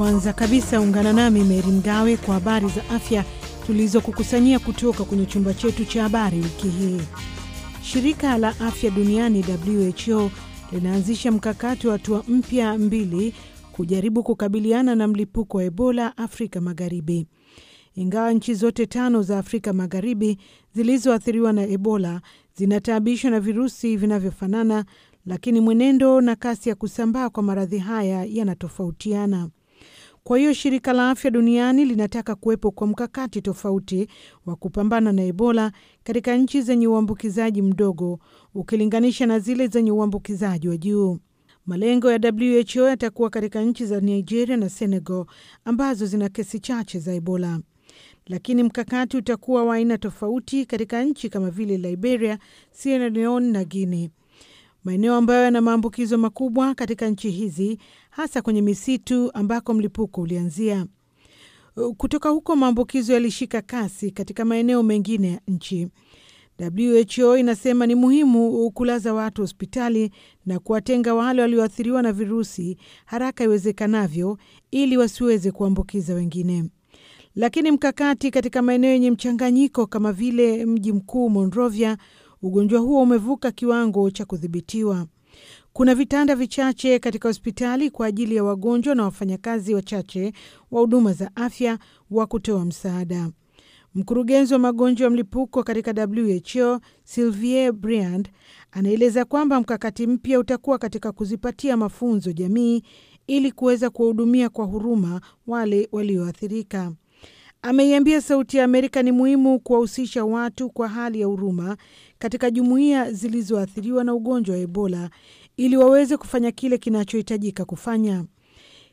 Kwanza kabisa ungana nami Meri Mgawe kwa habari za afya tulizokukusanyia kutoka kwenye chumba chetu cha habari wiki hii. Shirika la afya duniani WHO linaanzisha mkakati wa hatua mpya mbili kujaribu kukabiliana na mlipuko wa Ebola Afrika Magharibi. Ingawa nchi zote tano za Afrika Magharibi zilizoathiriwa na Ebola zinataabishwa na virusi vinavyofanana, lakini mwenendo na kasi ya kusambaa kwa maradhi haya yanatofautiana. Kwa hiyo shirika la afya duniani linataka kuwepo kwa mkakati tofauti wa kupambana na Ebola katika nchi zenye uambukizaji mdogo ukilinganisha na zile zenye uambukizaji wa juu. Malengo ya WHO yatakuwa katika nchi za Nigeria na Senegal ambazo zina kesi chache za Ebola, lakini mkakati utakuwa wa aina tofauti katika nchi kama vile Liberia, Sierra Leone na Guinea maeneo ambayo yana maambukizo makubwa katika nchi hizi, hasa kwenye misitu ambako mlipuko ulianzia. Kutoka huko maambukizo yalishika kasi katika maeneo mengine ya nchi. WHO inasema ni muhimu kulaza watu hospitali na kuwatenga wale walioathiriwa na virusi haraka iwezekanavyo ili wasiweze kuambukiza wengine. Lakini mkakati katika maeneo yenye mchanganyiko kama vile mji mkuu Monrovia ugonjwa huo umevuka kiwango cha kudhibitiwa. Kuna vitanda vichache katika hospitali kwa ajili ya wagonjwa na wafanyakazi wachache wa huduma za afya wa kutoa msaada. Mkurugenzi wa magonjwa ya mlipuko katika WHO Sylvie Briand anaeleza kwamba mkakati mpya utakuwa katika kuzipatia mafunzo jamii ili kuweza kuwahudumia kwa huruma wale walioathirika. Ameiambia Sauti ya Amerika ni muhimu kuwahusisha watu kwa hali ya huruma katika jumuiya zilizoathiriwa na ugonjwa wa Ebola ili waweze kufanya kile kinachohitajika kufanya.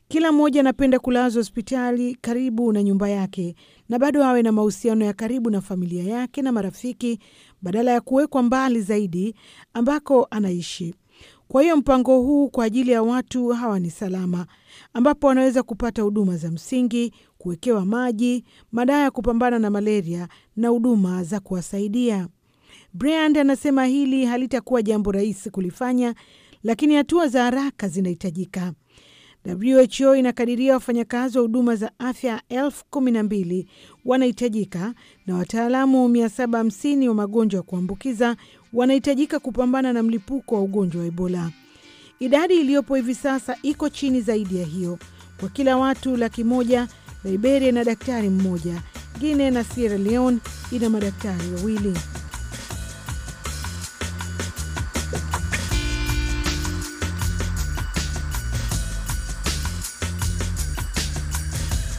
Kila mmoja anapenda kulazwa hospitali karibu na nyumba yake na bado awe na mahusiano ya karibu na familia yake na marafiki, badala ya kuwekwa mbali zaidi ambako anaishi. Kwa hiyo mpango huu kwa ajili ya watu hawa ni salama, ambapo wanaweza kupata huduma za msingi, kuwekewa maji, madawa ya kupambana na malaria na huduma za kuwasaidia. Brand anasema hili halitakuwa jambo rahisi kulifanya, lakini hatua za haraka zinahitajika. WHO inakadiria wafanyakazi wa huduma za afya elfu kumi na mbili wanahitajika na wataalamu 750 wa magonjwa ya kuambukiza wanahitajika kupambana na mlipuko wa ugonjwa wa Ebola. Idadi iliyopo hivi sasa iko chini zaidi ya hiyo. Kwa kila watu laki moja, Liberia ina daktari mmoja. Guinea na Sierra Leone ina madaktari wawili.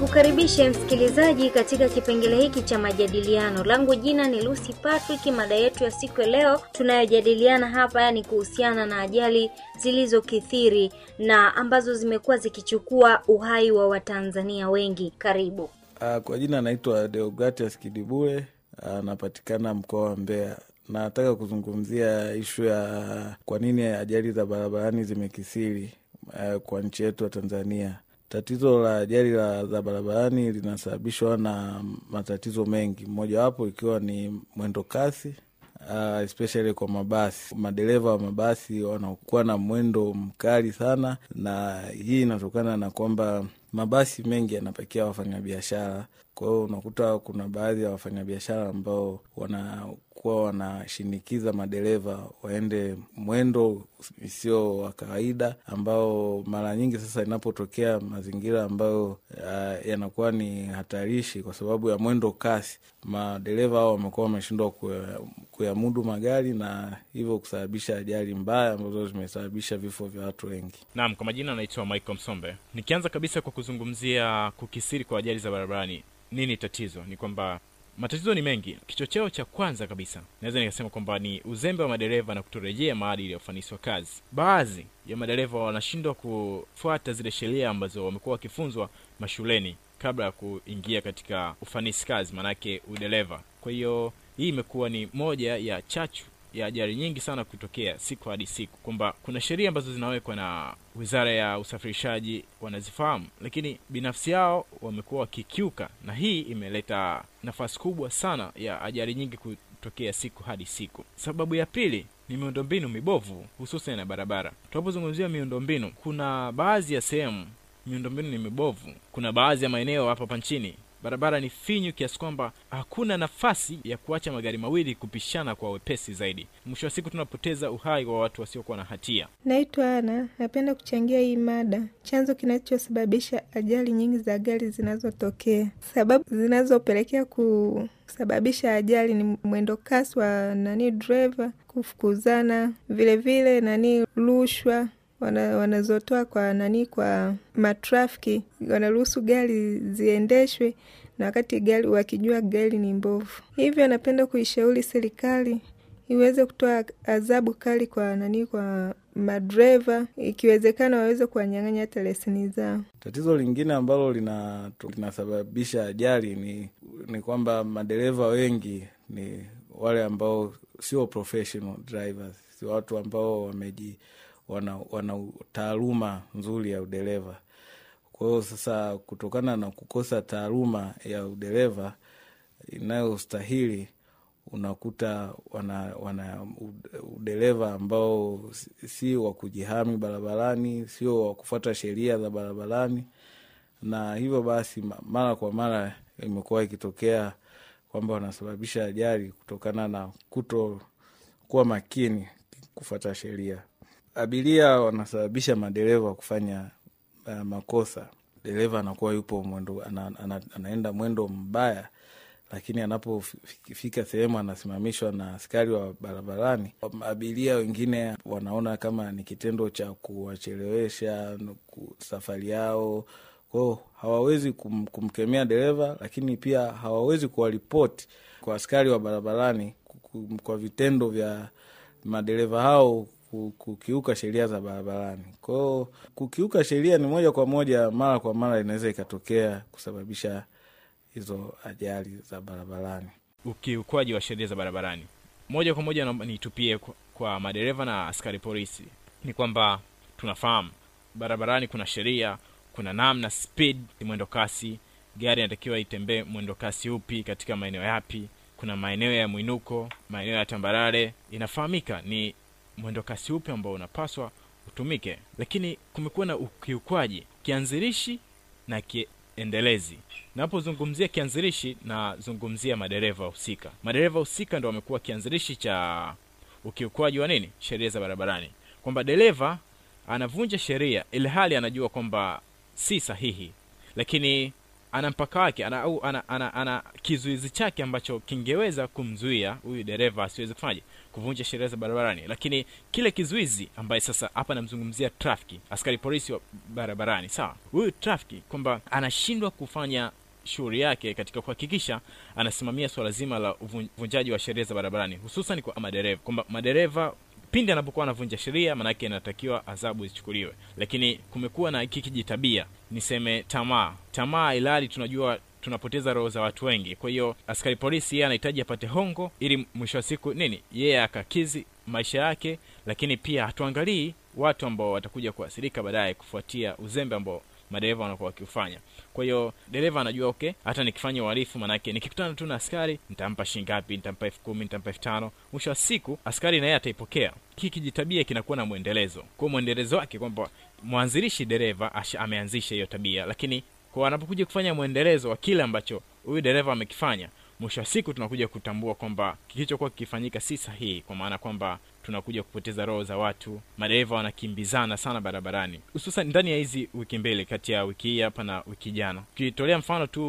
Nikukaribishe msikilizaji katika kipengele hiki cha majadiliano. Langu jina ni Lucy Patrick. Mada yetu ya siku ya leo tunayojadiliana hapa ni kuhusiana na ajali zilizokithiri na ambazo zimekuwa zikichukua uhai wa Watanzania wengi. Karibu. Uh, kwa jina anaitwa Deogratias Kidibule, anapatikana ah, uh, mkoa wa Mbeya. Nataka kuzungumzia ishu ya kwa nini ajali za barabarani zimekithiri uh, kwa nchi yetu ya Tanzania Tatizo la ajali za barabarani linasababishwa na matatizo mengi, mmojawapo ikiwa ni mwendo kasi Uh, especially kwa mabasi, madereva wa mabasi wanakuwa na mwendo mkali sana, na hii inatokana na kwamba mabasi mengi yanapakia wafanyabiashara. Kwa hiyo unakuta kuna baadhi ya wafanyabiashara ambao wana walikuwa wanashinikiza madereva waende mwendo isio wa kawaida, ambao mara nyingi sasa inapotokea mazingira ambayo uh, yanakuwa ni hatarishi kwa sababu ya mwendo kasi, madereva hao wamekuwa wameshindwa kuyamudu magari na hivyo kusababisha ajali mbaya ambazo zimesababisha vifo vya watu wengi. Naam, kwa majina anaitwa Michael Msombe. Nikianza kabisa kwa kuzungumzia kukisiri kwa ajali za barabarani, nini tatizo? Ni kwamba Matatizo ni mengi. Kichocheo cha kwanza kabisa naweza nikasema kwamba ni uzembe wa madereva na kutorejea maadili ya ufanisi wa kazi. Baadhi ya madereva wanashindwa kufuata zile sheria ambazo wamekuwa wakifunzwa mashuleni kabla ya kuingia katika ufanisi kazi, maanake udereva. Kwa hiyo hii imekuwa ni moja ya chachu ya ajali nyingi sana kutokea siku hadi siku, kwamba kuna sheria ambazo zinawekwa na wizara ya usafirishaji wanazifahamu, lakini binafsi yao wamekuwa wakikiuka, na hii imeleta nafasi kubwa sana ya ajali nyingi kutokea siku hadi siku. Sababu ya pili ni miundombinu mibovu, hususan na barabara. Tunapozungumzia miundombinu, kuna baadhi ya sehemu miundombinu ni mibovu. Kuna baadhi ya maeneo hapa hapa nchini Barabara ni finyu kiasi kwamba hakuna nafasi ya kuacha magari mawili kupishana kwa wepesi zaidi. Mwisho wa siku tunapoteza uhai wa watu wasiokuwa na hatia. Naitwa Ana, napenda kuchangia hii mada, chanzo kinachosababisha ajali nyingi za gari zinazotokea. Sababu zinazopelekea kusababisha ajali ni mwendo kasi wa nani dreva, kufukuzana, vilevile nani rushwa wanazotoa kwa nani, kwa matrafiki, wanaruhusu gari ziendeshwe na wakati gari wakijua gari ni mbovu. Hivyo anapenda kuishauri serikali iweze kutoa adhabu kali kwa nani, kwa madereva, ikiwezekana waweze kuwanyang'anya hata leseni zao. Tatizo lingine ambalo lina, ajali ni, ni kwamba madereva wengi ni wale ambao sio professional drivers, si watu ambao wameji wana, wana taaluma nzuri ya udereva. Kwa hiyo sasa, kutokana na kukosa taaluma ya udereva inayostahili unakuta wana, wana udereva ambao si wa kujihami barabarani, sio wa kufuata sheria za barabarani, na hivyo basi mara kwa mara imekuwa ikitokea kwamba wanasababisha ajali kutokana na kuto kuwa makini kufuata sheria abiria wanasababisha madereva kufanya uh, makosa. Dereva anakuwa yupo mwendo, ana, ana, anaenda mwendo mbaya, lakini anapofika sehemu anasimamishwa na askari wa barabarani. Abiria wengine wanaona kama ni kitendo cha kuwachelewesha safari yao, kwao hawawezi kum, kumkemea dereva, lakini pia hawawezi kuwaripoti kwa askari wa barabarani kwa vitendo vya madereva hao kukiuka sheria za barabarani. Kwao kukiuka sheria ni moja kwa moja, mara kwa mara inaweza ikatokea kusababisha hizo ajali za barabarani. Ukiukwaji wa sheria za barabarani, moja kwa moja nitupie kwa, kwa madereva na askari polisi, ni kwamba tunafahamu barabarani kuna sheria, kuna namna speed, mwendo kasi, gari inatakiwa itembee mwendo kasi upi katika maeneo yapi. Kuna maeneo ya mwinuko, maeneo ya tambarare, inafahamika ni mwendokasi upe ambao unapaswa utumike. Lakini kumekuwa na ukiukwaji kianzilishi na kiendelezi. Napozungumzia kianzilishi, nazungumzia madereva husika. Madereva husika ndo wamekuwa kianzilishi cha ukiukwaji wa nini, sheria za barabarani, kwamba dereva anavunja sheria ili hali anajua kwamba si sahihi, lakini ana mpaka wake, ana ana, ana, ana, ana kizuizi chake ambacho kingeweza kumzuia huyu dereva asiwezi kufanyaje kuvunja sheria za barabarani lakini kile kizuizi ambaye sasa hapa namzungumzia trafiki askari polisi wa barabarani sawa huyu trafiki kwamba anashindwa kufanya shughuli yake katika kuhakikisha anasimamia swala zima la uvunjaji wa sheria za barabarani hususan kwa madereva kwamba madereva pindi anapokuwa anavunja sheria maanake inatakiwa adhabu zichukuliwe lakini kumekuwa na kikijitabia niseme tamaa tamaa ilali tunajua tunapoteza roho za watu wengi. Kwa hiyo askari polisi yeye anahitaji apate hongo ili mwisho wa siku nini yeye akakizi maisha yake, lakini pia hatuangalii watu ambao watakuja kuathirika baadaye kufuatia uzembe ambao madereva wanakuwa wakiufanya. Kwa hiyo dereva anajua ok hata nikifanya uharifu manake nikikutana tu na askari nitampa shilingi ngapi? Nitampa elfu kumi, nitampa elfu tano. Mwisho wa siku askari na yeye ataipokea. Hii kijitabia kinakuwa na mwendelezo, kwa mwendelezo wake kwamba mwanzilishi dereva ameanzisha hiyo tabia, lakini kwa anapokuja kufanya mwendelezo wa kile ambacho huyu dereva amekifanya, mwisho wa siku tunakuja kutambua kwamba kilichokuwa kikifanyika si sahihi, kwa maana kwamba tunakuja kupoteza roho za watu. Madereva wanakimbizana sana barabarani, hususan ndani ya hizi wiki mbili, kati ya wiki hii hapa na wiki jana. Ukitolea mfano tu,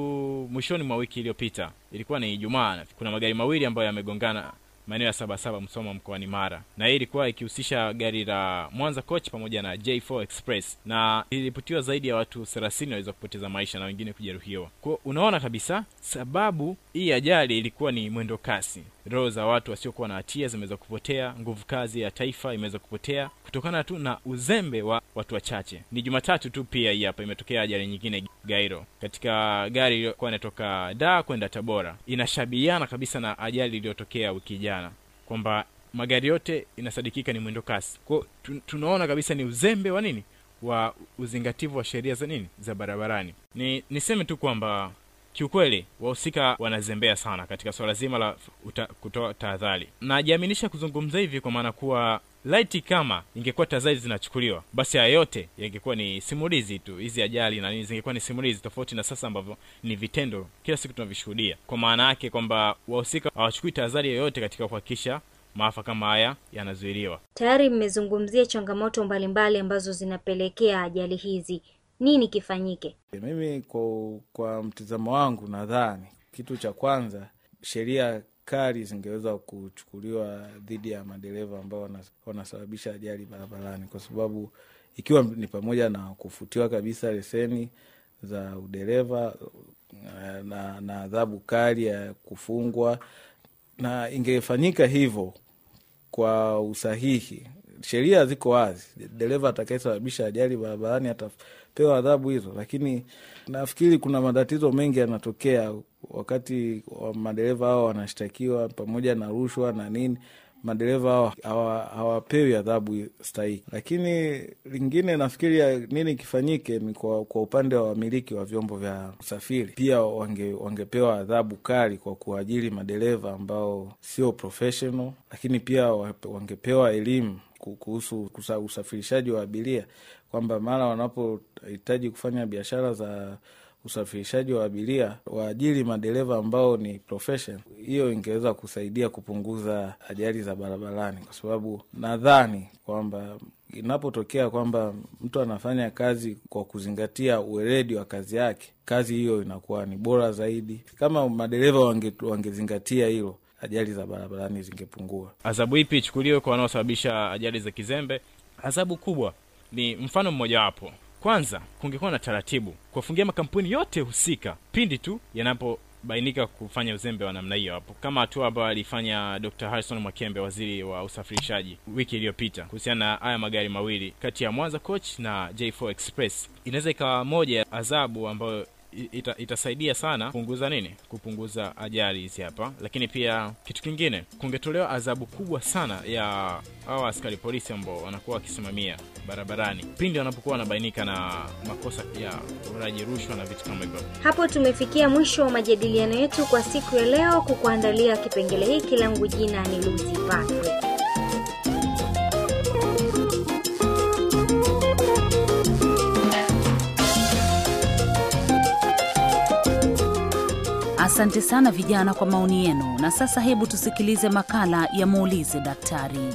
mwishoni mwa wiki iliyopita, ilikuwa ni jumaa kuna magari mawili ambayo yamegongana maeneo ya sabasaba Msoma mkoani Mara, na hii ilikuwa ikihusisha gari la Mwanza Coach pamoja na J4 Express, na iliripotiwa zaidi ya watu thelathini waliweza kupoteza maisha na wengine kujeruhiwa. kwao unaona kabisa sababu hii ajali ilikuwa ni mwendo kasi roho za watu wasiokuwa na hatia zimeweza kupotea nguvu kazi ya taifa imeweza kupotea kutokana tu na uzembe wa watu wachache ni jumatatu tu pia hii hapa imetokea ajali nyingine gairo katika gari iliyokuwa inatoka da kwenda tabora inashabiana kabisa na ajali iliyotokea wiki jana kwamba magari yote inasadikika ni mwendo kasi kwao tunaona kabisa ni uzembe wa nini wa uzingativu wa sheria za nini za barabarani ni niseme tu kwamba Kiukweli wahusika wanazembea sana katika swala zima la uta, kutoa tahadhari. Najiaminisha kuzungumza hivi kwa maana kuwa lit kama ingekuwa tahadhari zinachukuliwa, basi haya yote yangekuwa ni simulizi tu. Hizi ajali na nini zingekuwa ni simulizi, tofauti na sasa ambavyo ni vitendo kila siku tunavishuhudia. Kwa maana yake kwamba wahusika hawachukui tahadhari yoyote katika kuhakikisha maafa kama haya yanazuiliwa. Tayari mmezungumzia changamoto mbalimbali mbali ambazo zinapelekea ajali hizi nini kifanyike? Mimi kwa, kwa mtizamo wangu nadhani kitu cha kwanza sheria kali zingeweza kuchukuliwa dhidi ya madereva ambao wanasababisha ajali barabarani, kwa sababu ikiwa ni pamoja na kufutiwa kabisa leseni za udereva na adhabu kali ya kufungwa, na ingefanyika hivyo kwa usahihi. Sheria ziko wazi, dereva atakayesababisha ajali barabarani ataf pewa adhabu hizo, lakini nafikiri kuna matatizo mengi yanatokea wakati madereva hao wanashtakiwa pamoja na rushwa na nini madereva hao hawapewi adhabu stahiki. Lakini lingine nafikiri nini kifanyike ni kwa, kwa upande wa wamiliki wa vyombo vya usafiri pia wange, wangepewa adhabu kali kwa kuajiri madereva ambao sio professional, lakini pia wangepewa elimu kuhusu usafirishaji wa abiria kwamba mara wanapohitaji kufanya biashara za usafirishaji wa abiria waajiri madereva ambao ni profession. Hiyo ingeweza kusaidia kupunguza ajali za barabarani, kwa sababu nadhani kwamba inapotokea kwamba mtu anafanya kazi kwa kuzingatia uweledi wa kazi yake, kazi hiyo inakuwa ni bora zaidi. Kama madereva wange, wangezingatia hilo, ajali za barabarani zingepungua. Adhabu ipi ichukuliwe kwa wanaosababisha ajali za kizembe? Adhabu kubwa ni mfano mmojawapo. Kwanza, kungekuwa na taratibu kuwafungia makampuni yote husika pindi tu yanapo bainika kufanya uzembe wa namna hiyo. Hapo kama hatua ambayo alifanya Dr. Harrison Mwakembe, waziri wa usafirishaji, wiki iliyopita kuhusiana na haya magari mawili kati ya Mwanza Coach na J4 Express, inaweza ikawa moja ya adhabu ambayo ita, itasaidia sana kupunguza nini, kupunguza ajali hizi hapa. Lakini pia kitu kingine, kungetolewa adhabu kubwa sana ya hawa askari polisi ambao wanakuwa wakisimamia barabarani pindi wanapokuwa wanabainika na makosa ya uraji rushwa na vitu kama hivyo. Hapo tumefikia mwisho wa majadiliano yetu kwa siku ya leo. Kukuandalia kipengele hiki langu jina ni luzi Patrick. Asante sana vijana kwa maoni yenu, na sasa hebu tusikilize makala ya muulize daktari.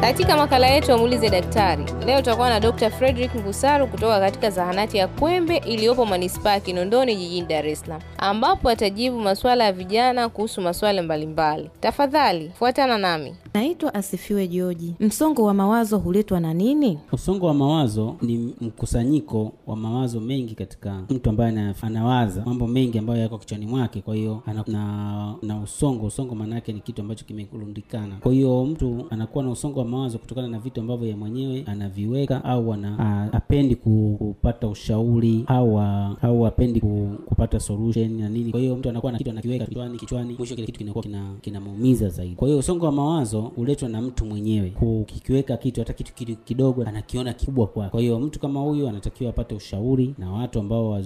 Katika makala yetu ya muulize daktari Leo tutakuwa na Dr. Frederick Ngusaru kutoka katika zahanati ya Kwembe iliyopo manispaa ya Kinondoni jijini Dar es Salaam, ambapo atajibu masuala ya vijana kuhusu masuala mbalimbali. Tafadhali fuatana nami. Naitwa Asifiwe Joji. Msongo wa mawazo huletwa na nini? Msongo wa mawazo ni mkusanyiko wa mawazo mengi katika mtu ambaye anawaza mambo mengi ambayo yako kichwani mwake, kwa hiyo na, na usongo. Usongo maana ni kitu ambacho kimerundikana, kwa hiyo mtu anakuwa na usongo wa mawazo kutokana na vitu ambavyo ya mwenyewe ana wanaviweka au wana apendi kupata ushauri au au apendi kupata solution na nini. Kwa hiyo mtu anakuwa na kitu anakiweka kichwani kichwani, mwisho kile kitu kinakuwa kina kinamuumiza zaidi. Kwa hiyo usongo wa mawazo uletwa na mtu mwenyewe kukiweka kitu, hata kitu kidogo anakiona kikubwa kwake. Kwa hiyo mtu kama huyu anatakiwa apate ushauri na watu ambao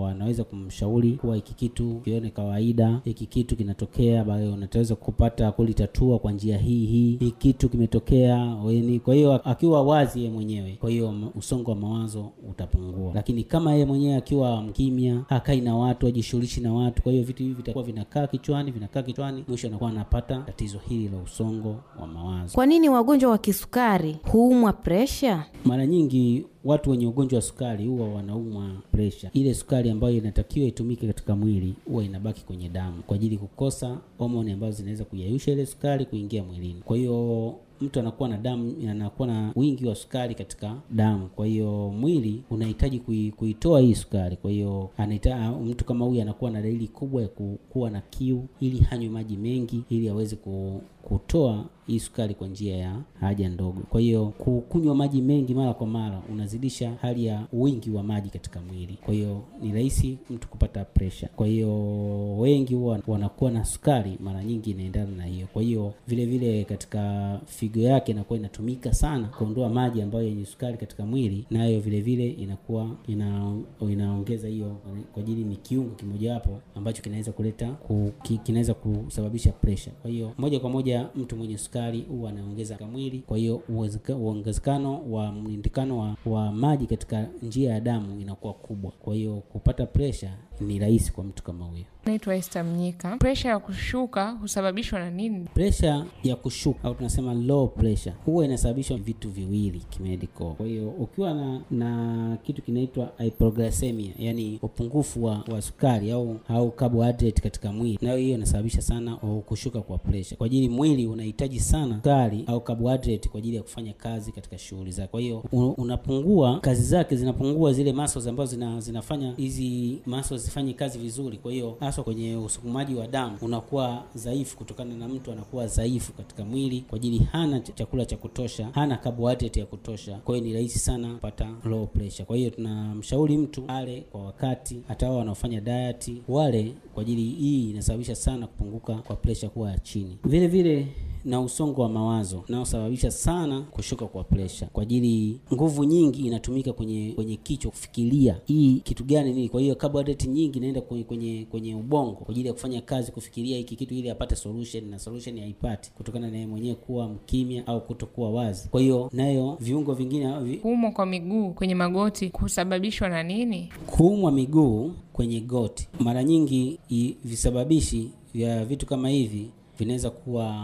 wanaweza kumshauri kuwa hiki kitu kione kawaida, hiki kitu kinatokea, unaweza kupata kulitatua kwa njia hii hii, hiki kitu kimetokea. Kwa hiyo akiwa wazi yeye mwenyewe, kwa hiyo usongo wa mawazo utapungua. Lakini kama yeye mwenyewe akiwa mkimya, hakai na watu, ajishughulishi na watu, kwa hiyo vitu hivi vitakuwa vinakaa kichwani, vinakaa kichwani, mwisho anakuwa anapata tatizo hili la usongo wa mawazo. Kwa nini wagonjwa wa kisukari huumwa presha? Mara nyingi watu wenye ugonjwa wa sukari huwa wanaumwa presha. Ile sukari ambayo inatakiwa itumike katika mwili huwa inabaki kwenye damu kwa ajili kukosa homoni ambazo zinaweza kuyayusha ile sukari kuingia mwilini. Kwa hiyo mtu anakuwa na damu, anakuwa na wingi wa sukari katika damu. Kwa hiyo mwili unahitaji kui, kuitoa hii sukari. Kwa hiyo anahitaji mtu kama huyu anakuwa na dalili kubwa ya kuwa na kiu, ili hanywe maji mengi, ili aweze kutoa hii sukari kwa njia ya haja ndogo. Kwa hiyo kukunywa maji mengi mara kwa mara unazidisha hali ya wingi wa maji katika mwili, kwa hiyo ni rahisi mtu kupata presha. Kwa hiyo wengi huwa wanakuwa na sukari, mara nyingi inaendana na hiyo. Kwa hiyo vile vile katika figo yake inakuwa inatumika sana kuondoa maji ambayo yenye sukari katika mwili, nayo vile vile inakuwa ina inaongeza hiyo, kwa ajili ni kiungo kimojawapo ambacho kinaweza kuleta ku, ki, kinaweza kusababisha presha. Kwa hiyo moja kwa moja mtu mwenye sukari sukari huwa anaongeza mwili, kwa hiyo uongezekano wa mlindikano wa, wa maji katika njia ya damu inakuwa kubwa, kwa hiyo kupata presha ni rahisi kwa mtu kama huyo. Naitwa Esther Mnyika. Presha ya kushuka husababishwa na nini? Presha ya kushuka au tunasema low pressure huwa inasababishwa vitu viwili kimediko. Kwa hiyo ukiwa na na kitu kinaitwa hypoglycemia, yani upungufu wa, wa sukari au au carbohydrate katika mwili, nayo hiyo inasababisha sana uh, kushuka kwa presha, kwa ajili mwili unahitaji sana sukari au carbohydrate kwa ajili ya kufanya kazi katika shughuli zake. Kwa hiyo unapungua, kazi zake zinapungua, zile muscles ambazo zina, zinafanya hizi muscles hazifanyi kazi vizuri. Kwa hiyo haswa kwenye usukumaji wa damu unakuwa dhaifu, kutokana na mtu anakuwa dhaifu katika mwili kwa ajili hana chakula cha kutosha, hana carbohydrate ya kutosha. Kwa hiyo ni rahisi sana kupata low pressure. Kwa hiyo tunamshauri mtu ale kwa wakati, hata wao wanaofanya diet wale, kwa ajili hii inasababisha sana kupunguka kwa pressure kuwa ya chini. Vile vile na usongo wa mawazo unaosababisha sana kushuka kwa presha, kwa ajili nguvu nyingi inatumika kwenye kwenye kichwa kufikiria hii kitu gani nini. Kwa hiyo carbohydrate nyingi inaenda kwenye, kwenye kwenye ubongo kwa ajili ya kufanya kazi kufikiria hiki kitu ili apate solution, na solution haipati kutokana na yeye mwenyewe kuwa mkimya au kutokuwa wazi. Kwa hiyo nayo viungo vingine vi... kuumwa kwa miguu kwenye magoti kusababishwa na nini? Kuumwa miguu kwenye goti mara nyingi i, visababishi vya vitu kama hivi vinaweza kuwa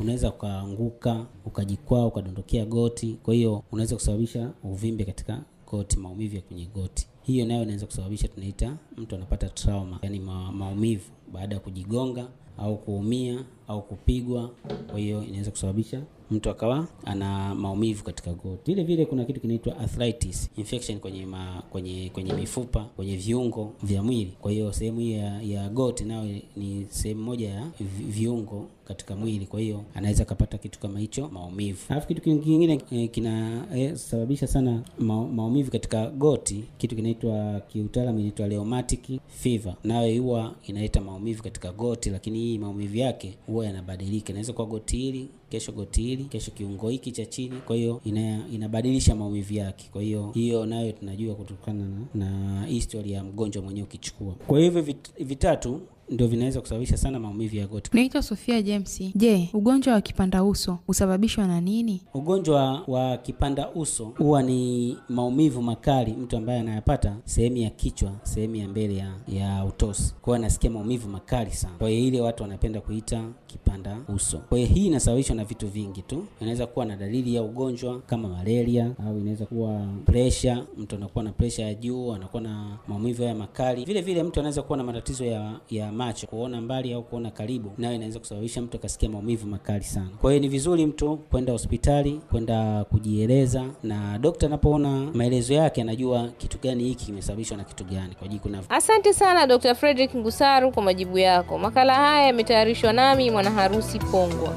unaweza ukaanguka, ukajikwaa, ukadondokea goti. Kwa hiyo unaweza kusababisha uvimbe katika goti, maumivu ya kwenye goti. Hiyo nayo inaweza kusababisha, tunaita mtu anapata trauma, yani ma, maumivu baada ya kujigonga au kuumia au kupigwa. Kwa hiyo inaweza kusababisha mtu akawa ana maumivu katika goti. Vile vile kuna kitu kinaitwa arthritis infection kwenye ma, kwenye kwenye mifupa, kwenye viungo vya mwili. Kwa hiyo sehemu hii ya, ya goti nayo ni sehemu moja ya viungo katika mwili, kwa hiyo anaweza akapata kitu kama hicho maumivu. Alafu kitu kingine e, eh, kinasababisha eh, e, sana ma, maumivu katika goti, kitu kinaitwa kiutaalamu inaitwa rheumatic fever, nayo huwa inaleta maumivu katika goti, lakini hii maumivu yake huwa yanabadilika, inaweza kuwa goti hili kesho goti hili kesho kiungo hiki cha chini, kwa hiyo ina, inabadilisha maumivu yake. Kwa hiyo hiyo nayo tunajua kutokana na, na history ya mgonjwa mwenyewe ukichukua. Kwa hivyo vit, vitatu ndio vinaweza kusababisha sana maumivu ya goti. Naitwa Sofia James. Je, ugonjwa wa kipanda uso husababishwa na nini? Ugonjwa wa kipanda uso huwa ni maumivu makali mtu ambaye anayapata sehemu ya kichwa, sehemu ya mbele ya, ya utosi, kwa hiyo anasikia maumivu makali sana. Kwa hiyo ile watu wanapenda kuita kipanda uso. Kwa hiyo hii inasababishwa na vitu vingi tu, inaweza kuwa na dalili ya ugonjwa kama malaria, au inaweza kuwa presha. Mtu anakuwa na presha ya juu, anakuwa na maumivu haya makali. Vile vile mtu anaweza kuwa na matatizo ya, ya macho, kuona mbali au kuona karibu, nayo inaweza kusababisha mtu akasikia maumivu makali sana. Kwa hiyo ni vizuri mtu kwenda hospitali, kwenda kujieleza, na dokta anapoona maelezo yake anajua kitu gani hiki kimesababishwa na kitu gani kwa jiku na... Asante sana Dr. Frederick Ngusaru kwa majibu yako. Makala haya yametayarishwa nami mwana harusi Pongwa.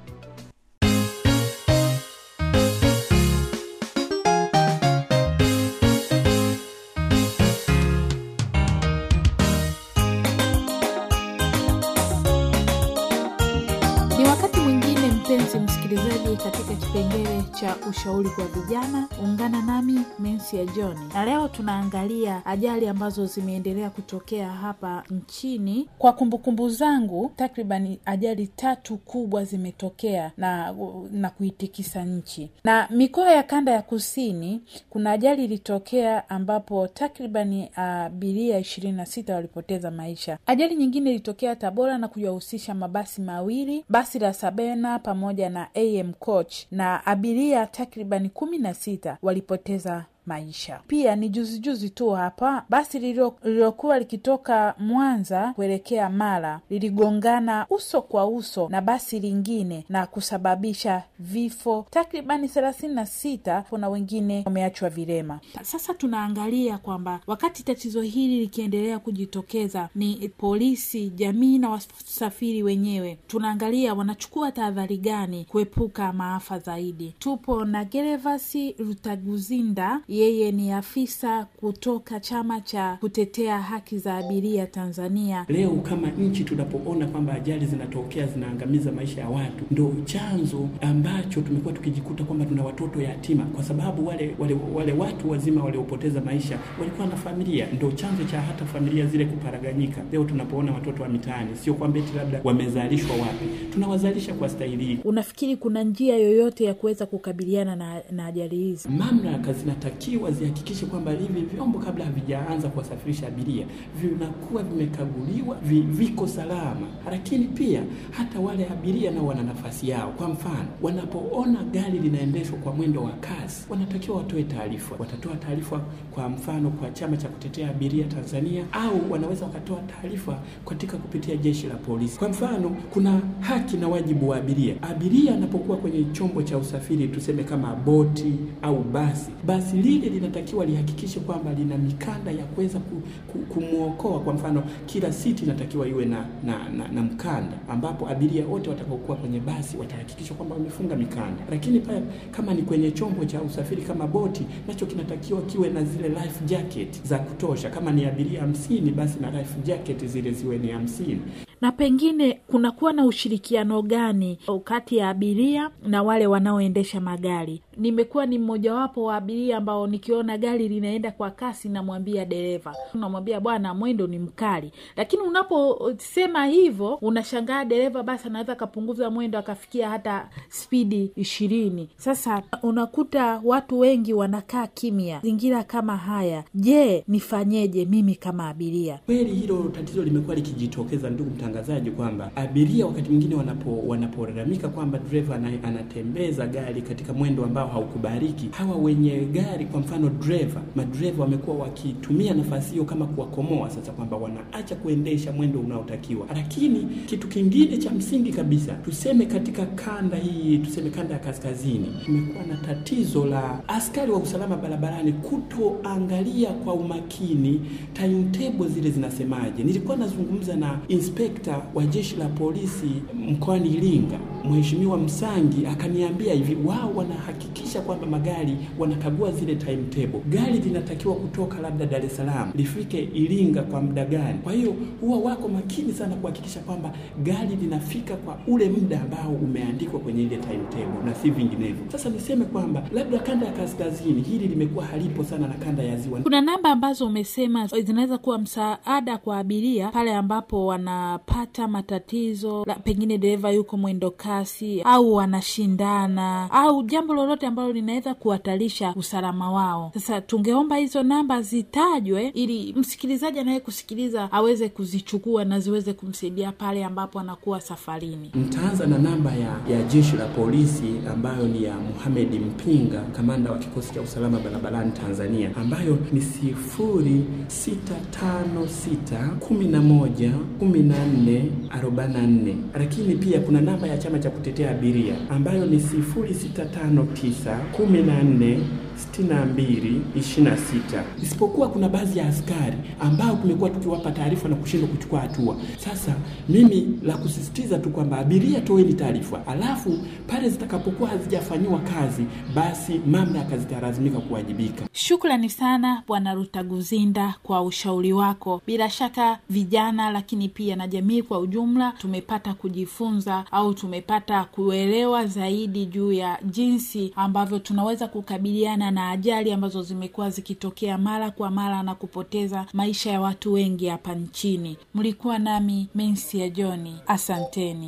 cha ushauri kwa vijana. Ungana nami ya John, na leo tunaangalia ajali ambazo zimeendelea kutokea hapa nchini. Kwa kumbukumbu zangu, takriban ajali tatu kubwa zimetokea na na kuitikisa nchi, na mikoa ya kanda ya kusini kuna ajali ilitokea ambapo takribani uh, abiria uh, ishirini na sita walipoteza maisha. Ajali nyingine ilitokea Tabora na kuyahusisha mabasi mawili, basi la Sabena pamoja na AM Coach na abiria raia takribani kumi na sita walipoteza maisha. Pia ni juzijuzi tu hapa basi lililokuwa likitoka Mwanza kuelekea Mara liligongana uso kwa uso na basi lingine na kusababisha vifo takribani thelathini na sita kuna wengine wameachwa vilema. Sasa tunaangalia kwamba wakati tatizo hili likiendelea kujitokeza, ni polisi, jamii na wasafiri wenyewe, tunaangalia wanachukua tahadhari gani kuepuka maafa zaidi. Tupo na gerevasi Rutaguzinda yeye ni afisa kutoka chama cha kutetea haki za abiria Tanzania. Leo kama nchi tunapoona kwamba ajali zinatokea zinaangamiza maisha ya watu, ndo chanzo ambacho tumekuwa tukijikuta kwamba tuna watoto yatima, kwa sababu wale wale, wale watu wazima waliopoteza maisha walikuwa na familia, ndo chanzo cha hata familia zile kuparaganyika. Leo tunapoona watoto wa mitaani, sio kwamba eti labda wamezalishwa wapi, tunawazalisha kwa stahili hii. Unafikiri kuna njia yoyote ya kuweza kukabiliana na, na ajali hizi? Mamlaka zinatakiwa zinatakiwa wazihakikishe kwamba hivi vyombo kabla havijaanza kuwasafirisha abiria vinakuwa vimekaguliwa, viko salama. Lakini pia hata wale abiria nao wana nafasi yao. Kwa mfano, wanapoona gari linaendeshwa kwa mwendo wa kasi, wanatakiwa watoe taarifa. Watatoa taarifa kwa mfano kwa chama cha kutetea abiria Tanzania, au wanaweza wakatoa taarifa katika kupitia jeshi la polisi. Kwa mfano, kuna haki na wajibu wa abiria. Abiria anapokuwa kwenye chombo cha usafiri, tuseme kama boti au basi, basi hili linatakiwa lihakikishe kwamba lina mikanda ya kuweza kumwokoa. Kwa mfano, kila siti inatakiwa iwe na, na, na, na mkanda ambapo abiria wote watakaokuwa kwenye basi watahakikisha kwamba wamefunga mikanda. Lakini pia kama ni kwenye chombo cha usafiri kama boti, nacho kinatakiwa kiwe na zile life jacket za kutosha. Kama ni abiria hamsini, basi na life jacket zile ziwe ni hamsini na pengine kunakuwa na ushirikiano gani kati ya abiria na wale wanaoendesha magari? Nimekuwa ni mmojawapo wa abiria ambao nikiona gari linaenda kwa kasi, namwambia dereva, namwambia bwana, mwendo ni mkali. Lakini unaposema hivyo, unashangaa dereva basi anaweza akapunguza mwendo akafikia hata spidi ishirini. Sasa unakuta watu wengi wanakaa kimya zingira kama haya. Je, nifanyeje mimi kama abiria? Kweli hilo tatizo limekuwa likijitokeza, ndugu mtangazaji mtangazaji kwamba abiria wakati mwingine wanapo kwamba dreva anatembeza gari katika mwendo ambao haukubariki, hawa wenye gari, kwa mfano dreva madreva wamekuwa wakitumia nafasi hiyo kama kuwakomoa sasa, kwamba wanaacha kuendesha mwendo unaotakiwa. Lakini kitu kingine cha msingi kabisa, tuseme katika kanda hii, tuseme kanda ya kaskazini, kumekuwa na tatizo la askari wa usalama barabarani kutoangalia kwa umakini timetable zile zinasemaje. Nilikuwa nazungumza na inspector Inspekta wa Jeshi la Polisi mkoani Iringa, Mheshimiwa Msangi akaniambia hivi, wao wanahakikisha kwamba magari wanakagua zile timetable, gari linatakiwa kutoka labda Dar es Salaam lifike Iringa kwa muda gani. Kwa hiyo huwa wako makini sana kuhakikisha kwamba gari linafika kwa ule muda ambao umeandikwa kwenye ile timetable na si vinginevyo. Sasa niseme kwamba labda kanda ya kaskazini hili limekuwa halipo sana na kanda ya ziwa. Kuna namba ambazo umesema zinaweza kuwa msaada kwa abiria pale ambapo wana wanapata matatizo la, pengine dereva yuko mwendo kasi au wanashindana au jambo lolote ambalo linaweza kuhatarisha usalama wao. Sasa tungeomba hizo namba zitajwe ili msikilizaji anaye kusikiliza aweze kuzichukua na ziweze kumsaidia pale ambapo anakuwa safarini. ntaanza na namba ya, ya jeshi la polisi ambayo ni ya Muhamedi Mpinga, kamanda wa kikosi cha usalama barabarani Tanzania, ambayo ni sifuri sita tano sita kumi na moja kumi na nne 4444, lakini pia kuna namba ya chama cha kutetea abiria ambayo ni 065914 62 isipokuwa kuna baadhi ya askari ambao tumekuwa tukiwapa taarifa na kushindwa kuchukua hatua. Sasa mimi la kusisitiza tu kwamba abiria, toeni taarifa, alafu pale zitakapokuwa hazijafanyiwa kazi, basi mamlaka zitalazimika kuwajibika. Shukrani sana Bwana Rutaguzinda kwa ushauri wako. Bila shaka vijana, lakini pia na jamii kwa ujumla tumepata kujifunza au tumepata kuelewa zaidi juu ya jinsi ambavyo tunaweza kukabiliana na ajali ambazo zimekuwa zikitokea mara kwa mara na kupoteza maisha ya watu wengi hapa nchini. Mlikuwa nami Mensia Joni, Johni, asanteni.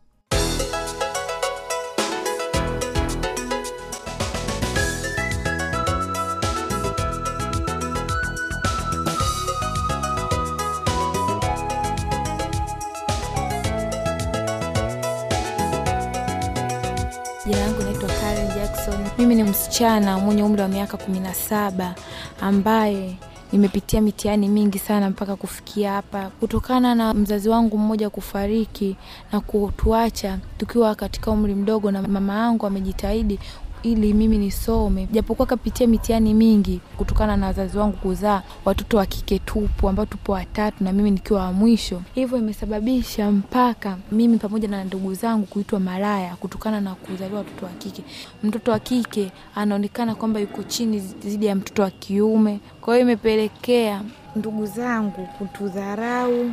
mimi ni msichana mwenye umri wa miaka kumi na saba ambaye nimepitia mitihani mingi sana mpaka kufikia hapa, kutokana na mzazi wangu mmoja kufariki na kutuacha tukiwa katika umri mdogo, na mama yangu amejitahidi ili mimi nisome, japokuwa kapitia mitihani mingi kutokana na wazazi wangu kuzaa watoto wa kike tupu, ambao tupo watatu na mimi nikiwa wa mwisho. Hivyo imesababisha mpaka mimi pamoja na ndugu zangu kuitwa malaya kutokana na kuzaliwa watoto wa kike. Mtoto wa kike anaonekana kwamba yuko chini zidi ya mtoto wa kiume, kwa hiyo imepelekea ndugu zangu kutudharau,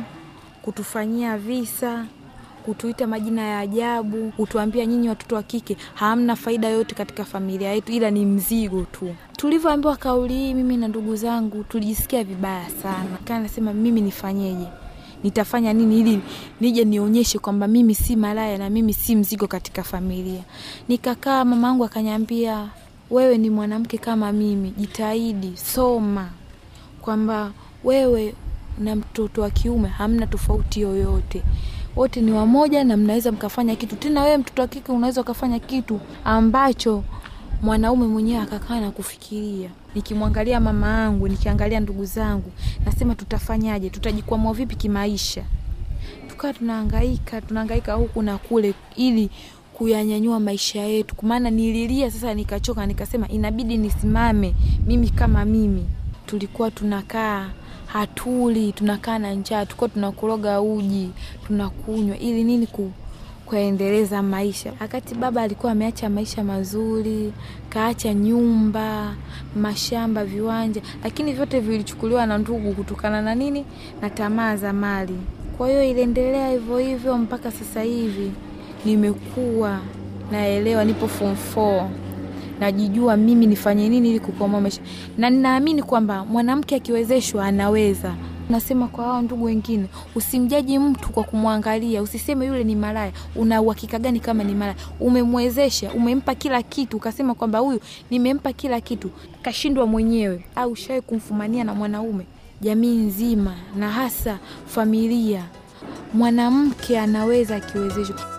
kutufanyia visa kutuita majina ya ajabu, kutuambia nyinyi watoto wa kike hamna faida yote katika familia yetu, ila ni mzigo tu. Tulivyoambiwa kauli hii, mimi na ndugu zangu tulijisikia vibaya sana. Kana nasema mimi nifanyeje? Nitafanya nini ili nije nionyeshe kwamba mimi si malaya na mimi si mzigo katika familia? Nikakaa, mamangu akanyambia, wewe ni mwanamke kama mimi, jitahidi, soma, kwamba wewe na mtoto wa kiume hamna tofauti yoyote wote ni wamoja na mnaweza mkafanya kitu. Tena wewe mtoto wa kike unaweza ukafanya kitu ambacho mwanaume mwenyewe akakaa na kufikiria. Nikimwangalia mama yangu, nikiangalia ndugu zangu, nasema tutafanyaje, tutajikwamua vipi kimaisha? Tukawa tunahangaika tunahangaika huku na kule, ili kuyanyanyua maisha yetu. Maana nililia sasa, nikachoka, nikasema inabidi nisimame mimi kama mimi. Tulikuwa tunakaa hatuli, tunakaa na njaa, tuko tunakuroga uji tunakunywa ili nini ku kuendeleza maisha, wakati baba alikuwa ameacha maisha mazuri, kaacha nyumba, mashamba, viwanja, lakini vyote vilichukuliwa na ndugu kutokana na nini? Na tamaa za mali. Kwa hiyo iliendelea hivyo hivyo mpaka sasa hivi nimekuwa naelewa, nipo form najijua mimi nifanye nini ili kukwamua maisha, na ninaamini kwamba mwanamke akiwezeshwa anaweza. Nasema kwa hao ndugu wengine, usimjaji mtu kwa kumwangalia. Usiseme yule ni malaya. Una uhakika gani kama ni malaya? Umemwezesha, umempa kila kitu, ukasema kwamba huyu nimempa kila kitu, kashindwa mwenyewe. Au shawe kumfumania na mwanaume? Jamii nzima na hasa familia, mwanamke anaweza akiwezeshwa.